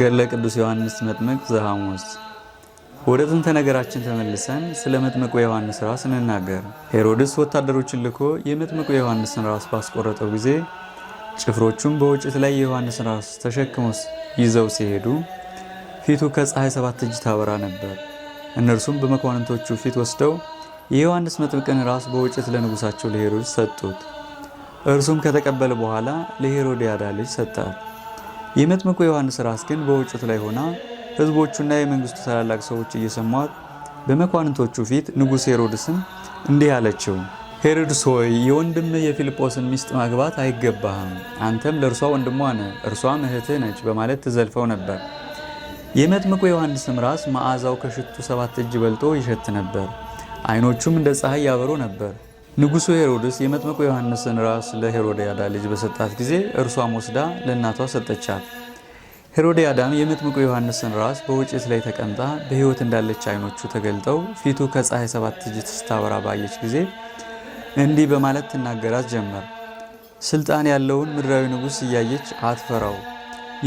ገድለ ቅዱስ ዮሐንስ መጥምቅ ዘሐሙስ። ወደ ጥንተ ነገራችን ተመልሰን ስለ መጥምቁ ዮሐንስ ራስ እንናገር። ሄሮድስ ወታደሮችን ልኮ የመጥምቁ ዮሐንስን ራስ ባስቆረጠው ጊዜ ጭፍሮቹም በወጭት ላይ የዮሐንስን ራስ ተሸክመው ይዘው ሲሄዱ ፊቱ ከፀሐይ ሰባት እጅ ታበራ ነበር። እነርሱም በመኳንንቶቹ ፊት ወስደው የዮሐንስ መጥምቅን ራስ በወጭት ለንጉሳቸው ለሄሮድስ ሰጡት። እርሱም ከተቀበለ በኋላ ለሄሮድያዳ ልጅ ሰጣት። የመጥምቁ ዮሐንስ ራስ ግን በውጭቱ ላይ ሆና ህዝቦቹና የመንግስቱ ታላላቅ ሰዎች እየሰሟት በመኳንንቶቹ ፊት ንጉሥ ሄሮድስም እንዲህ አለችው፣ ሄሮድስ ሆይ የወንድም የፊልጶስን ሚስት ማግባት አይገባህም፣ አንተም ለእርሷ ወንድሟ ነህ፣ እርሷም እህትህ ነች በማለት ትዘልፈው ነበር። የመጥምቁ ዮሐንስም ራስ መዓዛው ከሽቱ ሰባት እጅ በልጦ ይሸት ነበር። አይኖቹም እንደ ፀሐይ ያበሩ ነበር። ንጉሱ ሄሮድስ የመጥምቁ ዮሐንስን ራስ ለሄሮድያዳ ልጅ በሰጣት ጊዜ እርሷም ወስዳ ለእናቷ ሰጠቻት። ሄሮድያዳም የመጥምቁ ዮሐንስን ራስ በውጭት ላይ ተቀምጣ በሕይወት እንዳለች አይኖቹ ተገልጠው ፊቱ ከፀሐይ ሰባት እጅ ስታበራ ባየች ጊዜ እንዲህ በማለት ትናገራት ጀመር። ስልጣን ያለውን ምድራዊ ንጉሥ እያየች አትፈራው።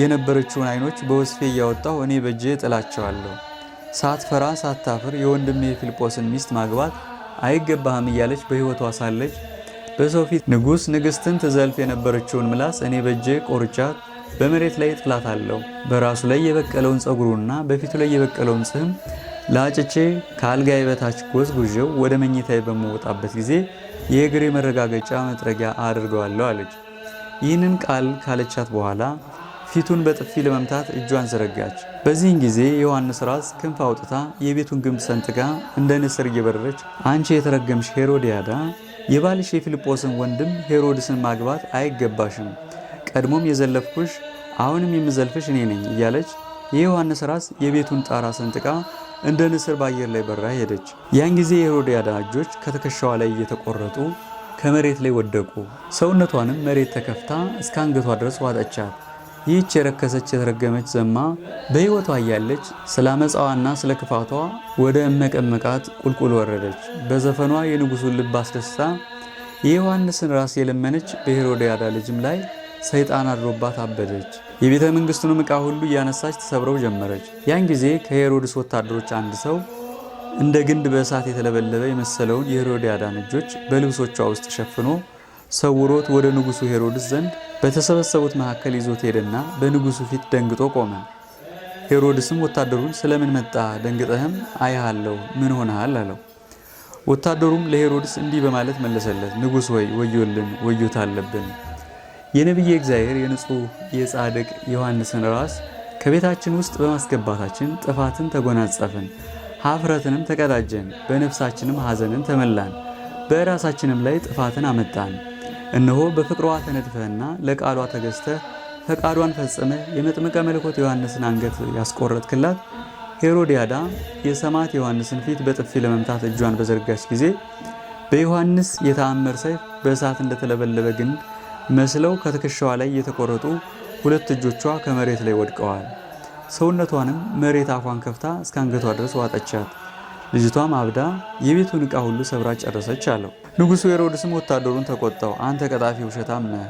የነበረችውን አይኖች በወስፌ እያወጣሁ እኔ በእጄ ጥላቸዋለሁ። ሳትፈራ ሳታፍር የወንድሜ የፊልጶስን ሚስት ማግባት አይገባህም እያለች በህይወቷ ሳለች በሰው ፊት ንጉሥ ንግሥትን ትዘልፍ የነበረችውን ምላስ እኔ በእጄ ቆርጫት በመሬት ላይ ጥላታለሁ። በራሱ ላይ የበቀለውን ጸጉሩና በፊቱ ላይ የበቀለውን ጽህም ላጭቼ ከአልጋዬ በታች ጎዝጉዤው ወደ መኝታዬ በመወጣበት ጊዜ የእግሬ መረጋገጫ መጥረጊያ አድርገዋለሁ አለች። ይህንን ቃል ካለቻት በኋላ ፊቱን በጥፊ ለመምታት እጇን ዘረጋች። በዚህን ጊዜ ዮሐንስ ራስ ክንፍ አውጥታ የቤቱን ግንብ ሰንጥቃ እንደ ንስር እየበረረች አንቺ የተረገምሽ ሄሮድያዳ የባልሽ የፊልጶስን ወንድም ሄሮድስን ማግባት አይገባሽም፣ ቀድሞም የዘለፍኩሽ አሁንም የምዘልፍሽ እኔ ነኝ እያለች የዮሐንስ ራስ የቤቱን ጣራ ሰንጥቃ እንደ ንስር በአየር ላይ በራ ሄደች። ያን ጊዜ የሄሮድያዳ እጆች ከትከሻዋ ላይ እየተቆረጡ ከመሬት ላይ ወደቁ። ሰውነቷንም መሬት ተከፍታ እስከ አንገቷ ድረስ ዋጠቻት። ይህች የረከሰች የተረገመች ዘማ በሕይወቷ እያለች ስለ አመፃዋና ስለ ክፋቷ ወደ እመቀመቃት ቁልቁል ወረደች። በዘፈኗ የንጉሡን ልብ አስደስታ የዮሐንስን ራስ የለመነች በሄሮድያዳ ልጅም ላይ ሰይጣን አድሮባት አበደች። የቤተ መንግሥቱንም ዕቃ ሁሉ እያነሳች ተሰብረው ጀመረች። ያን ጊዜ ከሄሮድስ ወታደሮች አንድ ሰው እንደ ግንድ በእሳት የተለበለበ የመሰለውን የሄሮድያዳን እጆች በልብሶቿ ውስጥ ሸፍኖ ሰውሮት ወደ ንጉሡ ሄሮድስ ዘንድ በተሰበሰቡት መካከል ይዞት ሄደና በንጉሡ ፊት ደንግጦ ቆመ። ሄሮድስም ወታደሩን ስለምን መጣ? ደንግጠህም አይሃለሁ ምን ሆነሃል? አለው። ወታደሩም ለሄሮድስ እንዲህ በማለት መለሰለት፣ ንጉሥ ሆይ ወዮልን፣ ወዮት አለብን። የነቢየ እግዚአብሔር የንጹህ የጻድቅ ዮሐንስን ራስ ከቤታችን ውስጥ በማስገባታችን ጥፋትን ተጎናጸፍን፣ ሀፍረትንም ተቀዳጀን፣ በነፍሳችንም ሐዘንን ተመላን፣ በራሳችንም ላይ ጥፋትን አመጣን። እነሆ በፍቅሯ ተነድፈህና ለቃሏ ተገዝተህ ፈቃዷን ፈጽመህ የመጥምቀ መለኮት ዮሐንስን አንገት ያስቆረጥክላት ሄሮዲያዳ የሰማዕት ዮሐንስን ፊት በጥፊ ለመምታት እጇን በዘርጋች ጊዜ በዮሐንስ የተአምር ሰይፍ በእሳት እንደተለበለበ ግንድ መስለው ከትከሻዋ ላይ የተቆረጡ ሁለት እጆቿ ከመሬት ላይ ወድቀዋል። ሰውነቷንም መሬት አፏን ከፍታ እስከ አንገቷ ድረስ ዋጠቻት። ልጅቷም አብዳ የቤቱን ዕቃ ሁሉ ሰብራ ጨረሰች አለው። ንጉሡ ሄሮድስም ወታደሩን ተቆጣው። አንተ ቀጣፊ ውሸታም ነህ፣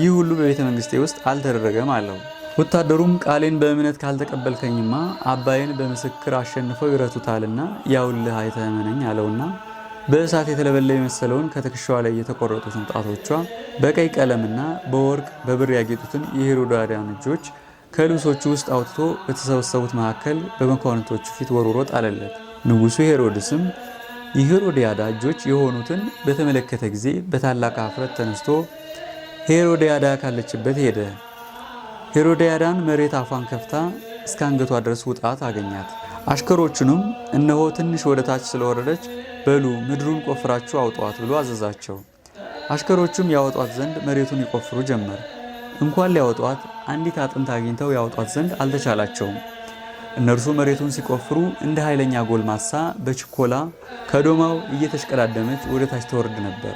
ይህ ሁሉ በቤተ መንግስቴ ውስጥ አልተደረገም አለው። ወታደሩም ቃሌን በእምነት ካልተቀበልከኝማ አባይን በምስክር አሸንፈው ይረቱታልና ያውልህ አይተመነኝ አለውና በእሳት የተለበለ የመሰለውን ከትከሻዋ ላይ የተቆረጡትን ጣቶቿ በቀይ ቀለምና በወርቅ በብር ያጌጡትን የሄሮዳውያን እጆች ከልብሶቹ ውስጥ አውጥቶ በተሰበሰቡት መካከል በመኳንንቶቹ ፊት ወርውሮ ጣለለት። ንጉሡ ሄሮድስም የሄሮድያዳ እጆች የሆኑትን በተመለከተ ጊዜ በታላቅ አፍረት ተነስቶ ሄሮድያዳ ካለችበት ሄደ። ሄሮድያዳን መሬት አፏን ከፍታ እስከ አንገቷ ድረስ ውጣት አገኛት። አሽከሮቹንም እነሆ ትንሽ ወደ ታች ስለወረደች በሉ ምድሩን ቆፍራችሁ አውጧት ብሎ አዘዛቸው። አሽከሮቹም ያወጧት ዘንድ መሬቱን ይቆፍሩ ጀመር። እንኳን ሊያወጧት አንዲት አጥንት አግኝተው ያወጧት ዘንድ አልተቻላቸውም። እነርሱ መሬቱን ሲቆፍሩ እንደ ኃይለኛ ጎልማሳ በችኮላ ከዶማው እየተሽቀዳደመች ወደ ታች ተወርድ ነበር።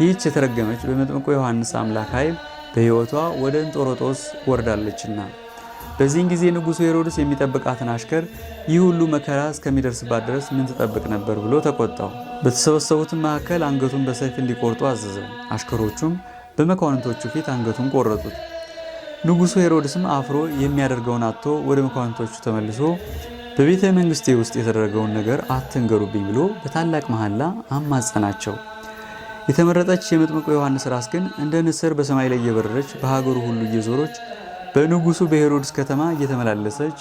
ይህች የተረገመች በመጥምቁ ዮሐንስ አምላክ ኃይል በሕይወቷ ወደ እንጦሮጦስ ወርዳለችና በዚህን ጊዜ ንጉሡ ሄሮድስ የሚጠብቃትን አሽከር ይህ ሁሉ መከራ እስከሚደርስባት ድረስ ምን ትጠብቅ ነበር ብሎ ተቆጣው። በተሰበሰቡትም መካከል አንገቱን በሰይፍ እንዲቆርጡ አዘዘው። አሽከሮቹም በመኳንንቶቹ ፊት አንገቱን ቆረጡት። ንጉሱ ሄሮድስም አፍሮ የሚያደርገውን አጥቶ ወደ መኳንቶቹ ተመልሶ በቤተ መንግስቴ ውስጥ የተደረገውን ነገር አትንገሩብኝ ብሎ በታላቅ መሐላ አማጸናቸው። የተመረጠች የመጥምቁ ዮሐንስ ራስ ግን እንደ ንስር በሰማይ ላይ እየበረረች በሀገሩ ሁሉ እየዞረች በንጉሱ በሄሮድስ ከተማ እየተመላለሰች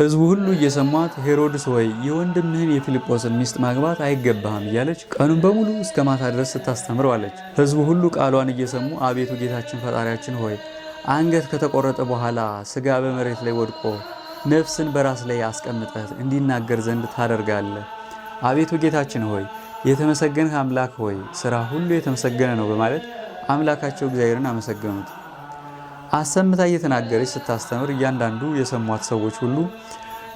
ህዝቡ ሁሉ እየሰሟት ሄሮድስ ወይ የወንድምህን የፊልጶስን ሚስት ማግባት አይገባህም እያለች ቀኑን በሙሉ እስከ ማታ ድረስ ስታስተምረዋለች። ህዝቡ ሁሉ ቃሏን እየሰሙ አቤቱ ጌታችን ፈጣሪያችን ሆይ አንገት ከተቆረጠ በኋላ ስጋ በመሬት ላይ ወድቆ ነፍስን በራስ ላይ አስቀምጠህ እንዲናገር ዘንድ ታደርጋለህ። አቤቱ ጌታችን ሆይ የተመሰገንህ አምላክ ሆይ ስራ ሁሉ የተመሰገነ ነው በማለት አምላካቸው እግዚአብሔርን አመሰገኑት። አሰምታ እየተናገረች ስታስተምር እያንዳንዱ የሰሟት ሰዎች ሁሉ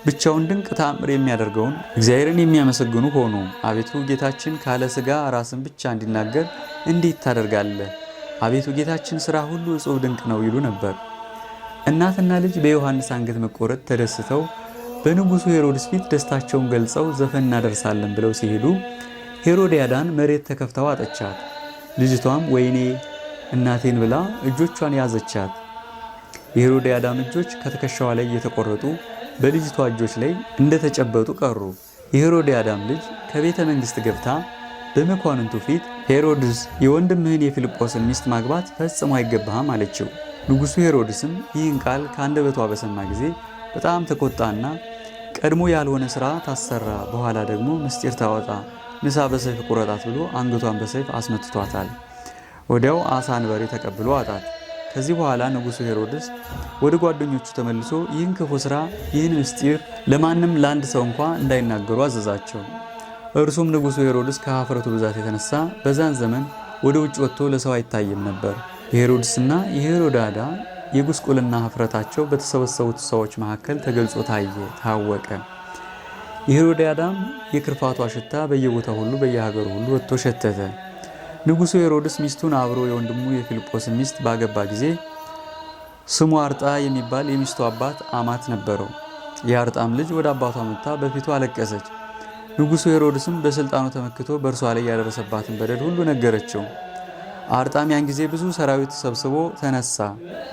ብቻውን ድንቅ ተአምር የሚያደርገውን እግዚአብሔርን የሚያመሰግኑ ሆኑ። አቤቱ ጌታችን ካለ ስጋ ራስን ብቻ እንዲናገር እንዴት ታደርጋለህ? አቤቱ ጌታችን ሥራ ሁሉ እጹብ ድንቅ ነው ይሉ ነበር። እናትና ልጅ በዮሐንስ አንገት መቆረጥ ተደስተው በንጉሡ ሄሮድስ ፊት ደስታቸውን ገልጸው ዘፈን እናደርሳለን ብለው ሲሄዱ ሄሮድያዳን መሬት ተከፍተው አጠቻት። ልጅቷም ወይኔ እናቴን ብላ እጆቿን ያዘቻት። የሄሮድያዳም እጆች ከትከሻዋ ላይ እየተቆረጡ በልጅቷ እጆች ላይ እንደተጨበጡ ቀሩ። የሄሮድያዳም ልጅ ከቤተ መንግሥት ገብታ በመኳንንቱ ፊት ሄሮድስ የወንድምህን የፊልጶስን ሚስት ማግባት ፈጽሞ አይገባህም አለችው። ንጉሡ ሄሮድስም ይህን ቃል ከአንደበቷ በሰማ ጊዜ በጣም ተቆጣና ቀድሞ ያልሆነ ሥራ ታሰራ፣ በኋላ ደግሞ ምስጢር ታወጣ፣ ንሳ በሰይፍ ቁረጣት ብሎ አንገቷን በሰይፍ አስመትቷታል። ወዲያው አሳ በሬ ተቀብሎ አጣት። ከዚህ በኋላ ንጉሡ ሄሮድስ ወደ ጓደኞቹ ተመልሶ ይህን ክፉ ሥራ፣ ይህን ምስጢር ለማንም ለአንድ ሰው እንኳ እንዳይናገሩ አዘዛቸው። እርሱም ንጉሱ ሄሮድስ ከኀፍረቱ ብዛት የተነሳ በዛን ዘመን ወደ ውጭ ወጥቶ ለሰው አይታይም ነበር። የሄሮድስና የሄሮዳዳ የጉስቁልና ኀፍረታቸው በተሰበሰቡት ሰዎች መካከል ተገልጾ ታየ፣ ታወቀ። የሄሮዳዳም የክርፋቷ ሽታ በየቦታ ሁሉ በየሀገሩ ሁሉ ወጥቶ ሸተተ። ንጉሱ ሄሮድስ ሚስቱን አብሮ የወንድሙ የፊልጶስን ሚስት ባገባ ጊዜ ስሙ አርጣ የሚባል የሚስቱ አባት አማት ነበረው። የአርጣም ልጅ ወደ አባቷ መጥታ በፊቱ አለቀሰች። ንጉሱ ሄሮድስም በስልጣኑ ተመክቶ በእርሷ ላይ ያደረሰባትን በደል ሁሉ ነገረችው። አርጣም ያን ጊዜ ብዙ ሰራዊት ሰብስቦ ተነሳ።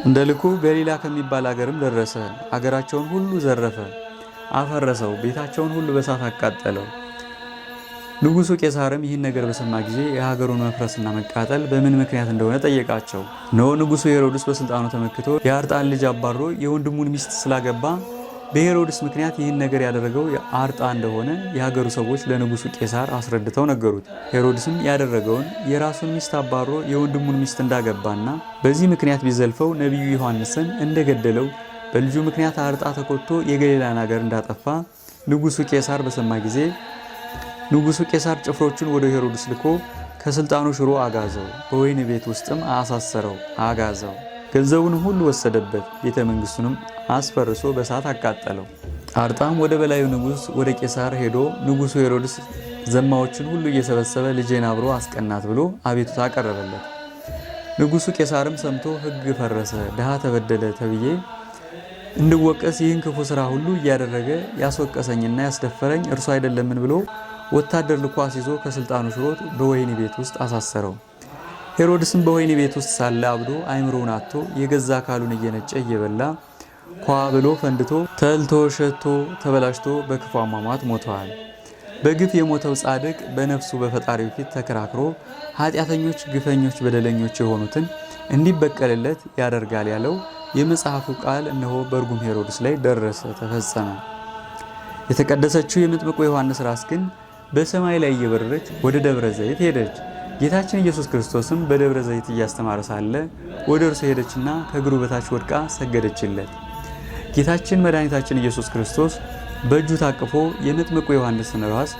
እንደ ልኩ በሌላ ከሚባል አገርም ደረሰ። አገራቸውን ሁሉ ዘረፈ፣ አፈረሰው፣ ቤታቸውን ሁሉ በሳት አቃጠለው። ንጉሱ ቄሳርም ይህን ነገር በሰማ ጊዜ የሀገሩን መፍረስና መቃጠል በምን ምክንያት እንደሆነ ጠየቃቸው። ነው ንጉሱ ሄሮድስ በስልጣኑ ተመክቶ የአርጣን ልጅ አባሮ የወንድሙን ሚስት ስላገባ በሄሮድስ ምክንያት ይህን ነገር ያደረገው አርጣ እንደሆነ የሀገሩ ሰዎች ለንጉሱ ቄሳር አስረድተው ነገሩት። ሄሮድስም ያደረገውን የራሱን ሚስት አባሮ የወንድሙን ሚስት እንዳገባና በዚህ ምክንያት ቢዘልፈው ነቢዩ ዮሐንስን እንደገደለው በልጁ ምክንያት አርጣ ተቆጥቶ የገሊላን ሀገር እንዳጠፋ ንጉሱ ቄሳር በሰማ ጊዜ ንጉሱ ቄሳር ጭፍሮቹን ወደ ሄሮድስ ልኮ ከስልጣኑ ሽሮ አጋዘው፣ በወይን ቤት ውስጥም አሳሰረው አጋዘው። ገንዘቡን ሁሉ ወሰደበት፣ ቤተ መንግስቱንም አስፈርሶ በእሳት አቃጠለው። አርጣም ወደ በላዩ ንጉሥ ወደ ቄሳር ሄዶ ንጉሱ ሄሮድስ ዘማዎችን ሁሉ እየሰበሰበ ልጄን አብሮ አስቀናት ብሎ አቤቱታ አቀረበለት። ንጉሱ ቄሳርም ሰምቶ ሕግ ፈረሰ፣ ድሃ ተበደለ ተብዬ እንድወቀስ ይህን ክፉ ስራ ሁሉ እያደረገ ያስወቀሰኝና ያስደፈረኝ እርሱ አይደለምን ብሎ ወታደር ልኳስ ይዞ ከስልጣኑ ሽሮት በወህኒ ቤት ውስጥ አሳሰረው። ሄሮድስም በወይን ቤት ውስጥ ሳለ አብዶ አይምሮውን አጥቶ የገዛ አካሉን እየነጨ እየበላ ኳ ብሎ ፈንድቶ ተልቶ ሸቶ ተበላሽቶ በክፉ አሟሟት ሞተዋል። በግፍ የሞተው ጻድቅ በነፍሱ በፈጣሪው ፊት ተከራክሮ ኃጢአተኞች፣ ግፈኞች፣ በደለኞች የሆኑትን እንዲበቀልለት ያደርጋል ያለው የመጽሐፉ ቃል እነሆ በእርጉም ሄሮድስ ላይ ደረሰ፣ ተፈጸመ። የተቀደሰችው የመጥምቁ ዮሐንስ ራስ ግን በሰማይ ላይ እየበረረች ወደ ደብረ ዘይት ሄደች። ጌታችን ኢየሱስ ክርስቶስም በደብረ ዘይት እያስተማረ ሳለ ወደ እርሱ ሄደችና ከእግሩ በታች ወድቃ ሰገደችለት። ጌታችን መድኃኒታችን ኢየሱስ ክርስቶስ በእጁ ታቅፎ የመጥምቁ ዮሐንስን ራስ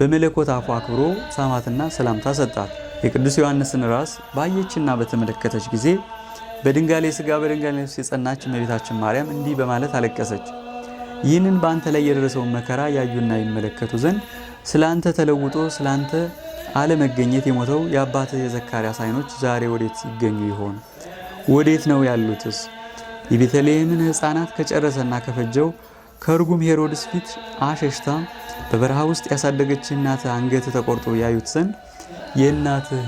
በመለኮት አፉ አክብሮ ሳማትና ሰላምታ ሰጣት። የቅዱስ ዮሐንስን ራስ ባየችና በተመለከተች ጊዜ በድንጋሌ ሥጋ በድንጋሌ ነፍስ የጸናች እመቤታችን ማርያም እንዲህ በማለት አለቀሰች። ይህንን በአንተ ላይ የደረሰውን መከራ ያዩና ይመለከቱ ዘንድ ስለ አንተ ተለውጦ ስለ አንተ አለመገኘት የሞተው የአባት የዘካርያስ አይኖች ዛሬ ወዴት ይገኙ ይሆን? ወዴት ነው ያሉትስ? የቤተልሔምን ሕፃናት ከጨረሰና ከፈጀው ከርጉም ሄሮድስ ፊት አሸሽታ በበረሃ ውስጥ ያሳደገች እናት አንገት ተቆርጦ ያዩት ዘንድ የእናትህ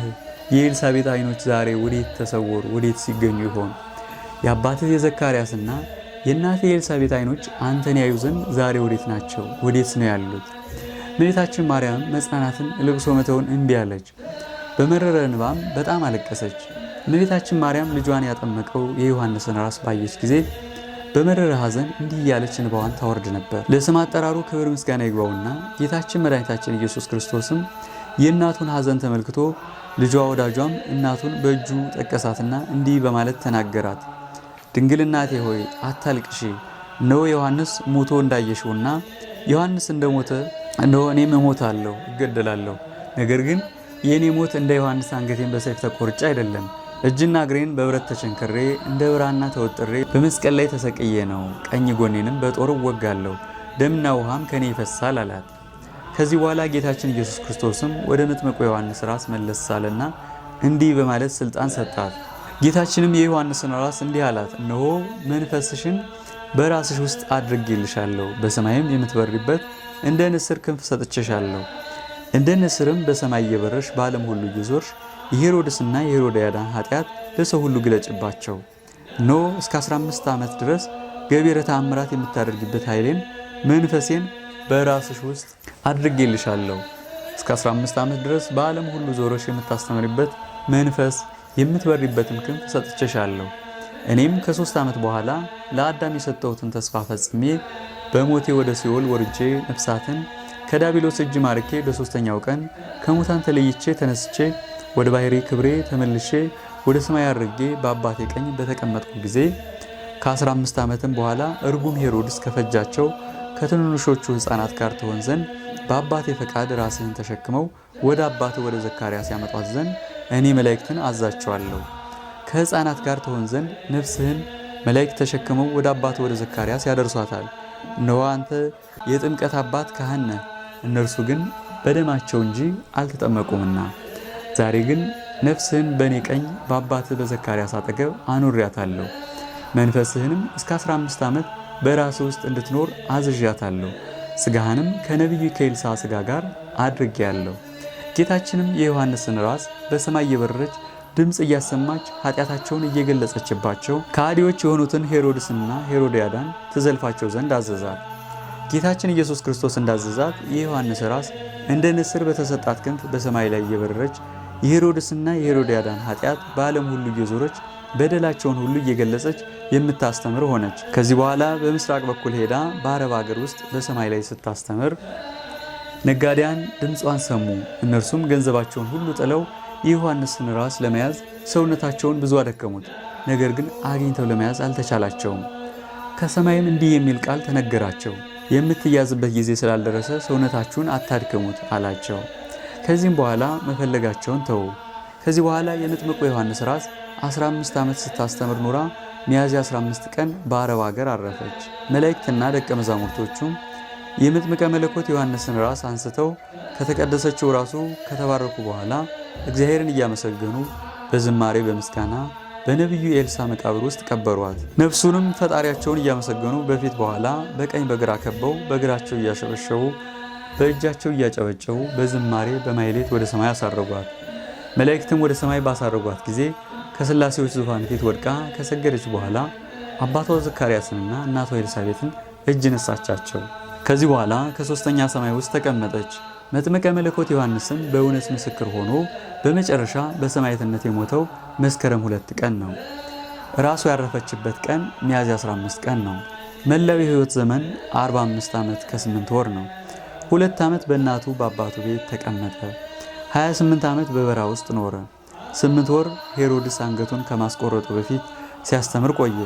የኤልሳቤት አይኖች ዛሬ ወዴት ተሰወሩ? ወዴት ሲገኙ ይሆን? የአባትህ የዘካርያስና የእናትህ የኤልሳቤት አይኖች አንተን ያዩ ዘንድ ዛሬ ወዴት ናቸው? ወዴት ነው ያሉት? እመቤታችን ማርያም መጽናናትን ልብሶ መተውን እንቢ አለች። በመረረ እንባም በጣም አለቀሰች። እመቤታችን ማርያም ልጇን ያጠመቀው የዮሐንስን ራስ ባየች ጊዜ በመረረ ሐዘን እንዲህ እያለች እንባዋን ታወርድ ነበር። ለስም አጠራሩ ክብር ምስጋና ይግባውና ጌታችን መድኃኒታችን ኢየሱስ ክርስቶስም የእናቱን ሐዘን ተመልክቶ ልጇ ወዳጇም እናቱን በእጁ ጠቀሳትና እንዲህ በማለት ተናገራት። ድንግል እናቴ ሆይ አታልቅሺ፣ እነሆ ዮሐንስ ሞቶ እንዳየሽውና ዮሐንስ እንደሞተ እንደሆ እኔም እሞታለሁ እገደላለሁ። ነገር ግን የእኔ ሞት እንደ ዮሐንስ አንገቴን በሰይፍ ተቆርጬ አይደለም፣ እጅና እግሬን በብረት ተቸንክሬ እንደ ብራና ተወጥሬ በመስቀል ላይ ተሰቅዬ ነው። ቀኝ ጎኔንም በጦር እወጋለሁ፣ ደምና ውሃም ከኔ ይፈሳል አላት። ከዚህ በኋላ ጌታችን ኢየሱስ ክርስቶስም ወደ መጥምቁ ዮሐንስ ራስ መለስ እንዲህ በማለት ስልጣን ሰጣት። ጌታችንም የዮሐንስን ራስ እንዲህ አላት፣ እነሆ መንፈስሽን በራስሽ ውስጥ አድርጌልሻለሁ። በሰማይም የምትበሪበት እንደ ንስር ክንፍ ሰጥቼሻለሁ። እንደ ንስርም በሰማይ እየበረሽ በዓለም ሁሉ እየዞርሽ የሄሮድስና የሄሮድያዳን ኃጢአት ለሰው ሁሉ ግለጭባቸው። ኖ እስከ 15 ዓመት ድረስ ገቢረ ተአምራት የምታደርግበት ኃይሌን መንፈሴን በራስሽ ውስጥ አድርጌልሻለሁ። እስከ 15 ዓመት ድረስ በዓለም ሁሉ ዞሮሽ የምታስተምሪበት መንፈስ የምትበሪበትን ክንፍ ሰጥቼሻለሁ። እኔም ከሶስት ዓመት በኋላ ለአዳም የሰጠሁትን ተስፋ ፈጽሜ በሞቴ ወደ ሲኦል ወርጄ ነፍሳትን ከዳቢሎስ እጅ ማርኬ በሶስተኛው ቀን ከሙታን ተለይቼ ተነስቼ ወደ ባህሪ ክብሬ ተመልሼ ወደ ሰማይ አድርጌ በአባቴ ቀኝ በተቀመጥኩ ጊዜ ከ15 ዓመትም በኋላ እርጉም ሄሮድስ ከፈጃቸው ከትንንሾቹ ሕፃናት ጋር ትሆን ዘንድ በአባቴ ፈቃድ ራስህን ተሸክመው ወደ አባቴ ወደ ዘካርያስ ያመጧት ዘንድ እኔ መላእክትን አዛቸዋለሁ። ከሕፃናት ጋር ትሆን ዘንድ ነፍስህን መላእክት ተሸክመው ወደ አባት ወደ ዘካርያስ ያደርሷታል። እነሆ አንተ የጥምቀት አባት ካህን ነህ፣ እነርሱ ግን በደማቸው እንጂ አልተጠመቁምና ዛሬ ግን ነፍስህን በእኔ ቀኝ በአባትህ በዘካርያስ አጠገብ አኖሪያታለሁ፣ መንፈስህንም እስከ 15 ዓመት በራስ ውስጥ እንድትኖር አዝዣታለሁ፣ ስጋህንም ከነቢዩ ከኤልሳ ስጋ ጋር አድርጌያለሁ። ጌታችንም የዮሐንስን ራስ በሰማይ የበረች ድምፅ እያሰማች ኃጢአታቸውን እየገለጸችባቸው ከሃዲዎች የሆኑትን ሄሮድስና ሄሮድያዳን ትዘልፋቸው ዘንድ አዘዛት። ጌታችን ኢየሱስ ክርስቶስ እንዳዘዛት የዮሐንስ ራስ እንደ ንስር በተሰጣት ክንፍ በሰማይ ላይ እየበረረች የሄሮድስና የሄሮድያዳን ኃጢአት በዓለም ሁሉ እየዞረች በደላቸውን ሁሉ እየገለጸች የምታስተምር ሆነች። ከዚህ በኋላ በምስራቅ በኩል ሄዳ በአረብ ሀገር ውስጥ በሰማይ ላይ ስታስተምር ነጋዴያን ድምጿን ሰሙ። እነርሱም ገንዘባቸውን ሁሉ ጥለው የዮሐንስን ራስ ለመያዝ ሰውነታቸውን ብዙ አደከሙት፣ ነገር ግን አግኝተው ለመያዝ አልተቻላቸውም። ከሰማይም እንዲህ የሚል ቃል ተነገራቸው፣ የምትያዝበት ጊዜ ስላልደረሰ ሰውነታችሁን አታድክሙት አላቸው። ከዚህም በኋላ መፈለጋቸውን ተዉ። ከዚህ በኋላ የመጥምቁ ዮሐንስ ራስ 15 ዓመት ስታስተምር ኑራ ሚያዝያ 15 ቀን በአረብ ሀገር አረፈች። መላእክትና ደቀ መዛሙርቶቹም የመጥምቀ መለኮት ዮሐንስን ራስ አንስተው ከተቀደሰችው ራሱ ከተባረኩ በኋላ እግዚአብሔርን እያመሰገኑ በዝማሬ በምስጋና በነቢዩ ኤልሳ መቃብር ውስጥ ቀበሯት። ነፍሱንም ፈጣሪያቸውን እያመሰገኑ በፊት በኋላ በቀኝ በግራ ከበው በእግራቸው እያሸበሸቡ በእጃቸው እያጨበጨቡ በዝማሬ በማይሌት ወደ ሰማይ አሳረጓት። መላእክትም ወደ ሰማይ ባሳረጓት ጊዜ ከስላሴዎች ዙፋን ፊት ወድቃ ከሰገደች በኋላ አባቷ ዘካርያስንና እናቷ ኤልሳቤትን እጅ ነሳቻቸው። ከዚህ በኋላ ከሦስተኛ ሰማይ ውስጥ ተቀመጠች። መጥምቀ መለኮት ዮሐንስም በእውነት ምስክር ሆኖ በመጨረሻ በሰማዕትነት የሞተው መስከረም ሁለት ቀን ነው። ራሱ ያረፈችበት ቀን ሚያዝያ 15 ቀን ነው። መላው የህይወት ዘመን 45 ዓመት ከ8 ወር ነው። ሁለት ዓመት በእናቱ በአባቱ ቤት ተቀመጠ። 28 ዓመት በበራ ውስጥ ኖረ። 8 ወር ሄሮድስ አንገቱን ከማስቆረጡ በፊት ሲያስተምር ቆየ።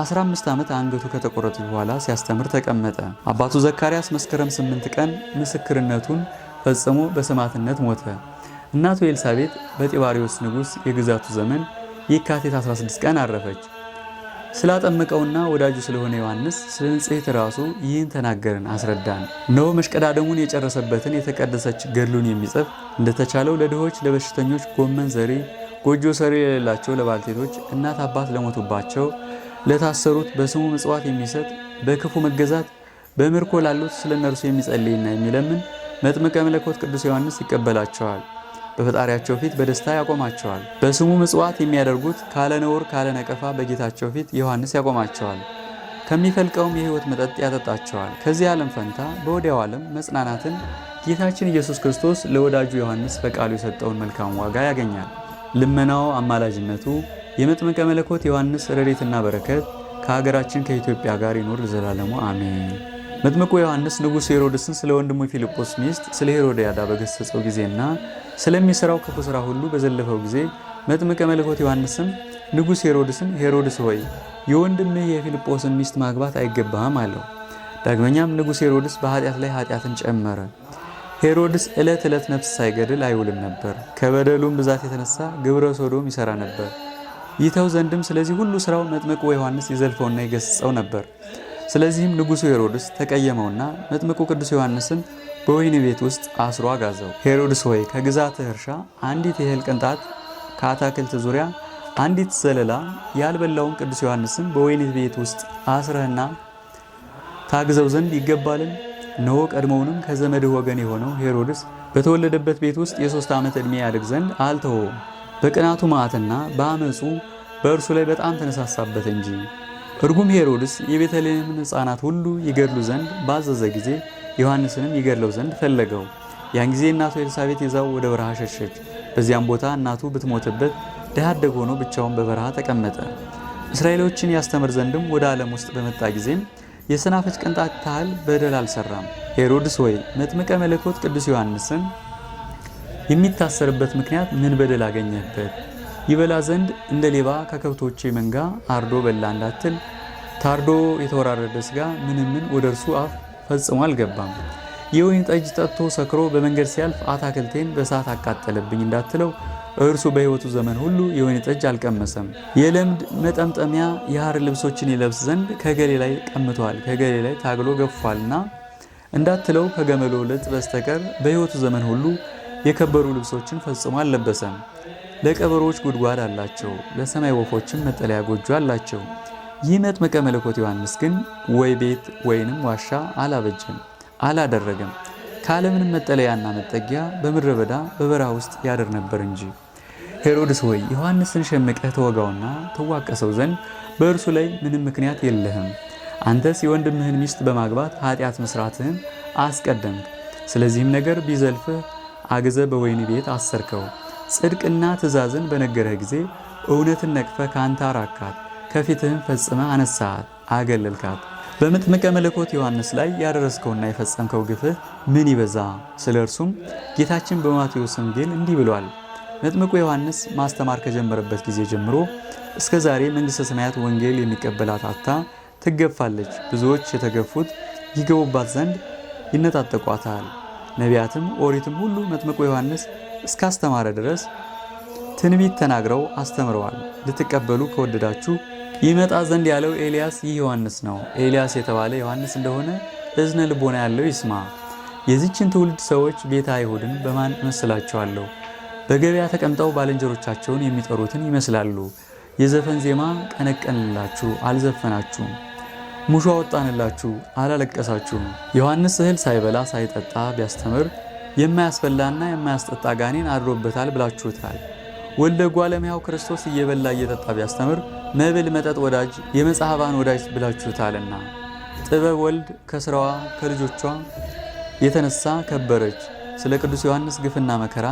15 ዓመት አንገቱ ከተቆረጠ በኋላ ሲያስተምር ተቀመጠ። አባቱ ዘካርያስ መስከረም 8 ቀን ምስክርነቱን ፈጽሞ በሰማዕትነት ሞተ። እናቱ ኤልሳቤት በጢባሪዎስ ንጉሥ የግዛቱ ዘመን የካቲት 16 ቀን አረፈች። ስላጠመቀውና ወዳጁ ስለሆነ ዮሐንስ ስለ ንጽሕት ራሱ ይህን ተናገርን አስረዳን። እነሆ መሽቀዳደሙን የጨረሰበትን የተቀደሰች ገድሉን የሚጽፍ እንደተቻለው ለድሆች፣ ለበሽተኞች፣ ጎመን ዘሪ፣ ጎጆ ሰሪ የሌላቸው ለባልቴቶች፣ እናት አባት ለሞቱባቸው ለታሰሩት በስሙ ምጽዋት የሚሰጥ በክፉ መገዛት በምርኮ ላሉት ስለ እነርሱ የሚጸልይና የሚለምን መጥምቀ መለኮት ቅዱስ ዮሐንስ ይቀበላቸዋል። በፈጣሪያቸው ፊት በደስታ ያቆማቸዋል። በስሙ ምጽዋት የሚያደርጉት ካለ ነውር ካለ ነቀፋ በጌታቸው ፊት ዮሐንስ ያቆማቸዋል። ከሚፈልቀውም የሕይወት መጠጥ ያጠጣቸዋል። ከዚህ ዓለም ፈንታ በወዲያው ዓለም መጽናናትን ጌታችን ኢየሱስ ክርስቶስ ለወዳጁ ዮሐንስ በቃሉ የሰጠውን መልካም ዋጋ ያገኛል። ልመናው፣ አማላጅነቱ የመጥምቀ መለኮት ዮሐንስ ረዴትና በረከት ከሀገራችን ከኢትዮጵያ ጋር ይኖር ለዘላለሙ አሜን። መጥምቁ ዮሐንስ ንጉሥ ሄሮድስን ስለ ወንድሙ ፊልጶስ ሚስት ስለ ሄሮድያዳ በገሰጸው ጊዜና ስለሚሠራው ክፉ ሥራ ሁሉ በዘለፈው ጊዜ መጥምቀ መለኮት ዮሐንስም ንጉሥ ሄሮድስን ሄሮድስ ሆይ የወንድምህ የፊልጶስን ሚስት ማግባት አይገባህም አለው። ዳግመኛም ንጉሥ ሄሮድስ በኃጢአት ላይ ኃጢአትን ጨመረ። ሄሮድስ ዕለት ዕለት ነፍስ ሳይገድል አይውልም ነበር። ከበደሉም ብዛት የተነሳ ግብረ ሶዶም ይሠራ ነበር። ይተው ዘንድም ስለዚህ ሁሉ ስራው መጥምቁ ዮሐንስ ይዘልፈውና ይገስጸው ነበር። ስለዚህም ንጉሡ ሄሮድስ ተቀየመውና መጥምቁ ቅዱስ ዮሐንስን በወይን ቤት ውስጥ አስሮ አጋዘው። ሄሮድስ ሆይ ከግዛትህ እርሻ አንዲት የእህል ቅንጣት ከአታክልት ዙሪያ አንዲት ዘለላ ያልበላውን ቅዱስ ዮሐንስን በወይን ቤት ውስጥ አስረህና ታግዘው ዘንድ ይገባልን? እነሆ ቀድሞውንም ከዘመድህ ወገን የሆነው ሄሮድስ በተወለደበት ቤት ውስጥ የሶስት ዓመት ዕድሜ ያድግ ዘንድ አልተወውም። በቅናቱ መዓትና በአመፁ በእርሱ ላይ በጣም ተነሳሳበት እንጂ። እርጉም ሄሮድስ የቤተልሔምን ሕፃናት ሁሉ ይገድሉ ዘንድ ባዘዘ ጊዜ ዮሐንስንም ይገድለው ዘንድ ፈለገው። ያን ጊዜ እናቱ ኤልሳቤት ይዛው ወደ በረሃ ሸሸች። በዚያም ቦታ እናቱ ብትሞትበት ድሃ አደግ ሆኖ ብቻውን በበረሃ ተቀመጠ። እስራኤሎችን ያስተምር ዘንድም ወደ ዓለም ውስጥ በመጣ ጊዜም የሰናፍጭ ቅንጣት ታህል በደል አልሰራም። ሄሮድስ ወይ መጥምቀ መለኮት ቅዱስ ዮሐንስን የሚታሰርበት ምክንያት ምን በደል አገኘበት ይበላ ዘንድ እንደ ሌባ ከከብቶቼ መንጋ አርዶ በላ እንዳትል ታርዶ የተወራረደ ስጋ ምንምን ወደ እርሱ አፍ ፈጽሞ አልገባም። የወይን ጠጅ ጠጥቶ ሰክሮ በመንገድ ሲያልፍ አታክልቴን በእሳት አቃጠለብኝ እንዳትለው እርሱ በሕይወቱ ዘመን ሁሉ የወይን ጠጅ አልቀመሰም። የለምድ መጠምጠሚያ የሐር ልብሶችን ይለብስ ዘንድ ከገሌ ላይ ቀምቷል፣ ከገሌ ላይ ታግሎ ገፏልና እንዳትለው ከገመሎ ልጥ በስተቀር በሕይወቱ ዘመን ሁሉ የከበሩ ልብሶችን ፈጽሞ አልለበሰም። ለቀበሮዎች ጉድጓድ አላቸው፣ ለሰማይ ወፎችም መጠለያ ጎጆ አላቸው። ይህ መጥምቀ መለኮት ዮሐንስ ግን ወይ ቤት ወይንም ዋሻ አላበጀም አላደረገም። ከዓለምንም መጠለያና መጠጊያ በምድረ በዳ በበረሃ ውስጥ ያድር ነበር እንጂ። ሄሮድስ ሆይ ዮሐንስን ሸምቀህ ተወጋውና ተዋቀሰው ዘንድ በእርሱ ላይ ምንም ምክንያት የለህም። አንተስ የወንድምህን ሚስት በማግባት ኃጢአት መስራትህን አስቀደምክ። ስለዚህም ነገር ቢዘልፍህ አግዘ በወይን ቤት አሰርከው። ጽድቅና ትእዛዝን በነገረህ ጊዜ እውነትን ነቅፈ ከአንተ አራካት፣ ከፊትህም ፈጽመ አነሳሃት፣ አገለልካት። በምጥምቀ መለኮት ዮሐንስ ላይ ያደረስከውና የፈጸምከው ግፍህ ምን ይበዛ! ስለ እርሱም ጌታችን በማቴዎስ ወንጌል እንዲህ ብሏል። መጥምቁ ዮሐንስ ማስተማር ከጀመረበት ጊዜ ጀምሮ እስከ ዛሬ መንግሥተ ሰማያት ወንጌል የሚቀበላት አታ ትገፋለች። ብዙዎች የተገፉት ይገቡባት ዘንድ ይነጣጠቋታል። ነቢያትም ኦሪትም ሁሉ መጥምቁ ዮሐንስ እስካስተማረ ድረስ ትንቢት ተናግረው አስተምረዋል። ልትቀበሉ ከወደዳችሁ ይመጣ ዘንድ ያለው ኤልያስ ይህ ዮሐንስ ነው። ኤልያስ የተባለ ዮሐንስ እንደሆነ እዝነ ልቦና ያለው ይስማ። የዚችን ትውልድ ሰዎች ቤተ አይሁድን በማን እመስላቸዋለሁ? በገበያ ተቀምጠው ባልንጀሮቻቸውን የሚጠሩትን ይመስላሉ። የዘፈን ዜማ ቀነቀንላችሁ፣ አልዘፈናችሁም። ሙሾ አወጣንላችሁ አላለቀሳችሁም። ዮሐንስ እህል ሳይበላ ሳይጠጣ ቢያስተምር የማያስበላና የማያስጠጣ ጋኔን አድሮበታል ብላችሁታል። ወልደ ያው ክርስቶስ እየበላ እየጠጣ ቢያስተምር መብል መጠጥ ወዳጅ የመጽሐፋን ወዳጅ ብላችሁታልና። ጥበብ ወልድ ከስራዋ ከልጆቿ የተነሳ ከበረች። ስለ ቅዱስ ዮሐንስ ግፍና መከራ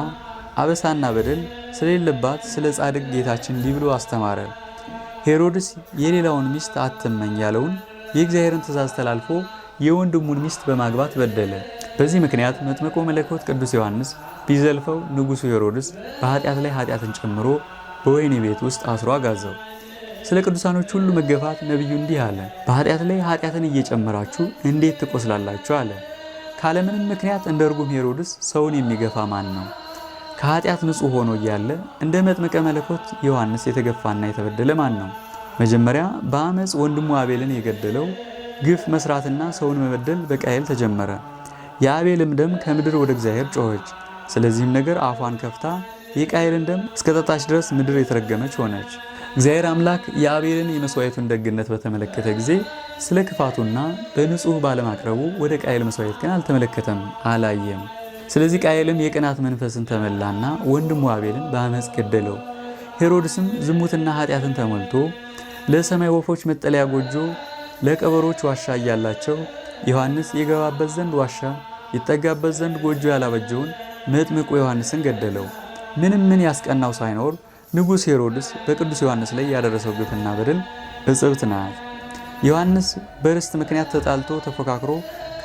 አበሳና በደል ስለሌለባት ስለ ጻድቅ ጌታችን እንዲህ ብሎ አስተማረ። ሄሮድስ የሌላውን ሚስት አትመኝ ያለውን የእግዚአብሔርን ትእዛዝ ተላልፎ የወንድሙን ሚስት በማግባት በደለ። በዚህ ምክንያት መጥመቆ መለኮት ቅዱስ ዮሐንስ ቢዘልፈው ንጉሱ ሄሮድስ በኃጢአት ላይ ኃጢአትን ጨምሮ በወይኒ ቤት ውስጥ አስሮ አጋዘው። ስለ ቅዱሳኖች ሁሉ መገፋት ነቢዩ እንዲህ አለ፣ በኃጢአት ላይ ኃጢአትን እየጨመራችሁ እንዴት ትቆስላላችሁ? አለ። ካለምንም ምክንያት እንደ እርጉም ሄሮድስ ሰውን የሚገፋ ማን ነው? ከኃጢአት ንጹሕ ሆኖ እያለ እንደ መጥምቀ መለኮት ዮሐንስ የተገፋና የተበደለ ማን ነው? መጀመሪያ በአመፅ ወንድሙ አቤልን የገደለው ግፍ መስራትና ሰውን መበደል በቃየል ተጀመረ። የአቤልም ደም ከምድር ወደ እግዚአብሔር ጮኸች። ስለዚህም ነገር አፏን ከፍታ የቃየልን ደም እስከጠጣች ድረስ ምድር የተረገመች ሆነች። እግዚአብሔር አምላክ የአቤልን የመስዋዕቱን ደግነት በተመለከተ ጊዜ ስለ ክፋቱና በንጹሕ ባለማቅረቡ ወደ ቃየል መስዋዕት ግን አልተመለከተም፣ አላየም። ስለዚህ ቃየልም የቅናት መንፈስን ተመላና ወንድሙ አቤልን በአመፅ ገደለው። ሄሮድስም ዝሙትና ኃጢአትን ተሞልቶ ለሰማይ ወፎች መጠለያ ጎጆ፣ ለቀበሮች ዋሻ እያላቸው ዮሐንስ የገባበት ዘንድ ዋሻ ይጠጋበት ዘንድ ጎጆ ያላበጀውን መጥምቁ ዮሐንስን ገደለው። ምንም ምን ያስቀናው ሳይኖር ንጉሥ ሄሮድስ በቅዱስ ዮሐንስ ላይ ያደረሰው ግፍና በደል እጽብት ናት። ዮሐንስ በርስት ምክንያት ተጣልቶ ተፎካክሮ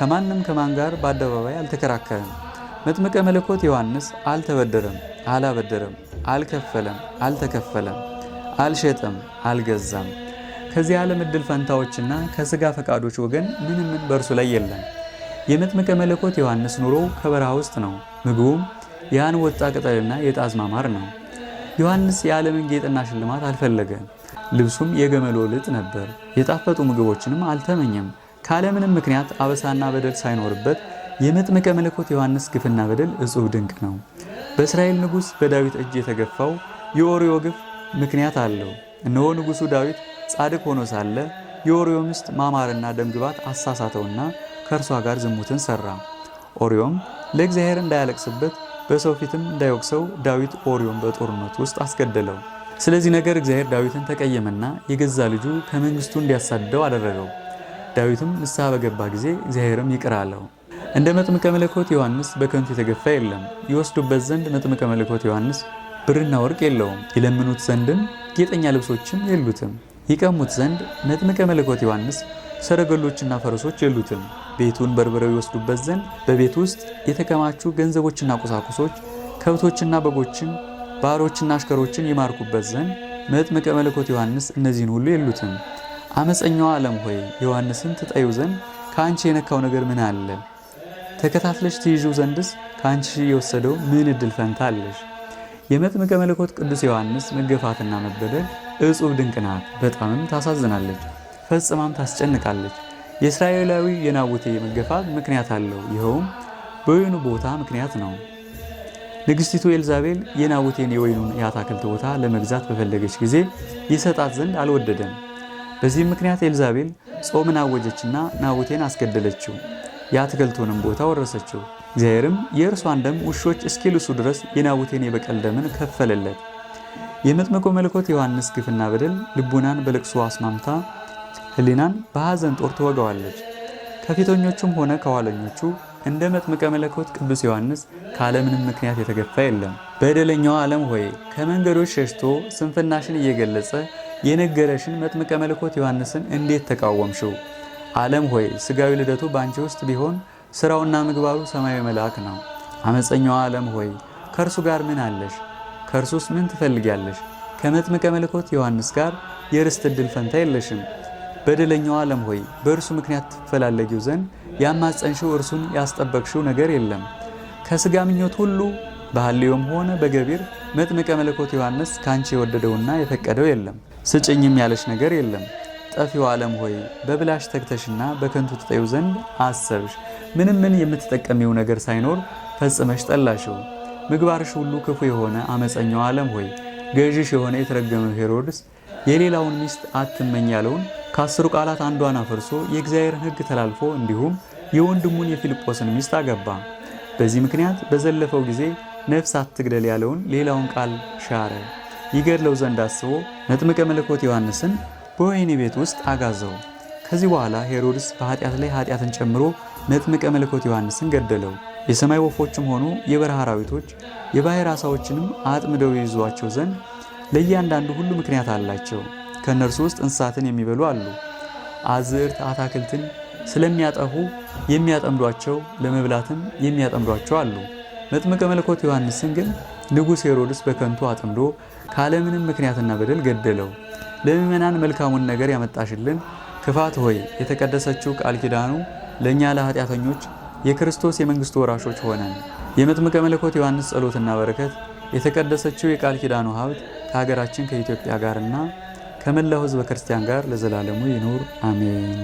ከማንም ከማን ጋር በአደባባይ አልተከራከረም። መጥምቀ መለኮት ዮሐንስ አልተበደረም፣ አላበደረም፣ አልከፈለም፣ አልተከፈለም። አልሸጠም፣ አልገዛም። ከዚህ ዓለም እድል ፈንታዎችና ከሥጋ ፈቃዶች ወገን ምንም በእርሱ ላይ የለም። የመጥምቀ መለኮት ዮሐንስ ኑሮ ከበረሃ ውስጥ ነው። ምግቡም ያን ወጣ ቅጠልና የጣዝማ ማር ነው። ዮሐንስ የዓለምን ጌጥና ሽልማት አልፈለገም። ልብሱም የገመሎ ልጥ ነበር። የጣፈጡ ምግቦችንም አልተመኘም። ካለምንም ምክንያት አበሳና በደል ሳይኖርበት የመጥምቀ መለኮት ዮሐንስ ግፍና በደል እጹብ ድንቅ ነው። በእስራኤል ንጉሥ በዳዊት እጅ የተገፋው የኦሪዮ ግፍ ምክንያት አለው። እነሆ ንጉሡ ዳዊት ጻድቅ ሆኖ ሳለ የኦርዮ ሚስት ማማርና ደምግባት አሳሳተውና ከእርሷ ጋር ዝሙትን ሰራ። ኦርዮም ለእግዚአብሔር እንዳያለቅስበት በሰው ፊትም እንዳይወቅሰው ዳዊት ኦርዮም በጦርነት ውስጥ አስገደለው። ስለዚህ ነገር እግዚአብሔር ዳዊትን ተቀየመና የገዛ ልጁ ከመንግስቱ እንዲያሳድደው አደረገው። ዳዊትም ንስሐ በገባ ጊዜ እግዚአብሔርም ይቅር አለው። እንደ መጥምቀ መለኮት ዮሐንስ በከንቱ የተገፋ የለም። ይወስዱበት ዘንድ መጥምቀ መለኮት ዮሐንስ ብርና ወርቅ የለውም። ይለምኑት ዘንድም ጌጠኛ ልብሶችም የሉትም። ይቀሙት ዘንድ መጥምቀ መለኮት ዮሐንስ ሰረገሎችና ፈረሶች የሉትም። ቤቱን በርብረው ይወስዱበት ዘንድ በቤት ውስጥ የተከማቹ ገንዘቦችና ቁሳቁሶች፣ ከብቶችና በጎችን፣ ባሮችና አሽከሮችን ይማርኩበት ዘንድ መጥምቀ መለኮት ዮሐንስ እነዚህን ሁሉ የሉትም። አመፀኛው ዓለም ሆይ ዮሐንስን ትጠዩ ዘንድ ከአንቺ የነካው ነገር ምን አለ? ተከታትለሽ ትይዥው ዘንድስ ከአንቺ የወሰደው ምን እድል ፈንታ አለሽ? የመጥምቀ መለኮት ቅዱስ ዮሐንስ መገፋትና መበደል እጹብ ድንቅ ናት። በጣምም ታሳዝናለች፣ ፈጽማም ታስጨንቃለች። የእስራኤላዊ የናቡቴ መገፋት ምክንያት አለው። ይኸውም በወይኑ ቦታ ምክንያት ነው። ንግሥቲቱ ኤልዛቤል የናቡቴን የወይኑን የአታክልት ቦታ ለመግዛት በፈለገች ጊዜ ይሰጣት ዘንድ አልወደደም። በዚህም ምክንያት ኤልዛቤል ጾምን አወጀችና ናቡቴን አስገደለችው፣ የአትክልቱንም ቦታ ወረሰችው። እግዚአብሔርም የእርሷን ደም ውሾች እስኪልሱ ድረስ የናቡቴን የበቀል ደምን ከፈለለት። የመጥምቆ መለኮት ዮሐንስ ግፍና በደል ልቡናን በልቅሶ አስማምታ ህሊናን በሐዘን ጦር ትወጋዋለች። ከፊተኞቹም ሆነ ከኋለኞቹ እንደ መጥምቀ መለኮት ቅዱስ ዮሐንስ ካለምንም ምክንያት የተገፋ የለም። በደለኛው ዓለም ሆይ ከመንገዶች ሸሽቶ ስንፍናሽን እየገለጸ የነገረሽን መጥምቀ መለኮት ዮሐንስን እንዴት ተቃወምሽው? ዓለም ሆይ ስጋዊ ልደቱ በአንቺ ውስጥ ቢሆን ስራውና ምግባሩ ሰማያዊ መልአክ ነው። አመፀኛው ዓለም ሆይ ከእርሱ ጋር ምን አለሽ? ከእርሱስ ምን ትፈልጊያለሽ? ከመጥምቀ መለኮት ዮሐንስ ጋር የርስት ዕድል ፈንታ የለሽም። በደለኛው ዓለም ሆይ በእርሱ ምክንያት ትፈላለጊው ዘንድ ያማፀንሽው እርሱን ያስጠበቅሽው ነገር የለም። ከስጋ ምኞት ሁሉ በሐልዮም ሆነ በገቢር መጥምቀ መለኮት ዮሐንስ ካንቺ የወደደውና የፈቀደው የለም። ስጭኝም ያለሽ ነገር የለም። ጠፊው ዓለም ሆይ በብላሽ ተግተሽና በከንቱ ትጠዩ ዘንድ አሰብሽ። ምንም ምን የምትጠቀሚው ነገር ሳይኖር ፈጽመሽ ጠላሽው። ምግባርሽ ሁሉ ክፉ የሆነ አመፀኛው ዓለም ሆይ ገዥሽ የሆነ የተረገመው ሄሮድስ የሌላውን ሚስት አትመኝ ያለውን ከአስሩ ቃላት አንዷን አፈርሶ የእግዚአብሔርን ሕግ ተላልፎ እንዲሁም የወንድሙን የፊልጶስን ሚስት አገባ። በዚህ ምክንያት በዘለፈው ጊዜ ነፍስ አትግደል ያለውን ሌላውን ቃል ሻረ። ይገድለው ዘንድ አስቦ መጥምቀ መለኮት ዮሐንስን በወህኒ ቤት ውስጥ አጋዘው። ከዚህ በኋላ ሄሮድስ በኃጢአት ላይ ኃጢአትን ጨምሮ መጥምቀ መለኮት ዮሐንስን ገደለው። የሰማይ ወፎችም ሆኑ የበረሃ አራዊቶች የባሕር ዓሣዎችንም አጥምደው ይይዟቸው ዘንድ ለእያንዳንዱ ሁሉ ምክንያት አላቸው። ከእነርሱ ውስጥ እንስሳትን የሚበሉ አሉ። አዝዕርት አታክልትን ስለሚያጠፉ የሚያጠምዷቸው፣ ለመብላትም የሚያጠምዷቸው አሉ። መጥምቀ መለኮት ዮሐንስን ግን ንጉሥ ሄሮድስ በከንቱ አጥምዶ ካለምንም ምክንያትና በደል ገደለው። ለምእመናን መልካሙን ነገር ያመጣሽልን ክፋት ሆይ የተቀደሰችው ቃል ኪዳኑ ለእኛ ለኃጢአተኞች የክርስቶስ የመንግሥቱ ወራሾች ሆነን። የመጥምቀ መለኮት ዮሐንስ ጸሎትና በረከት የተቀደሰችው የቃል ኪዳኑ ሀብት ከሀገራችን ከኢትዮጵያ ጋርና ከመላው ሕዝበ ክርስቲያን ጋር ለዘላለሙ ይኑር አሜን።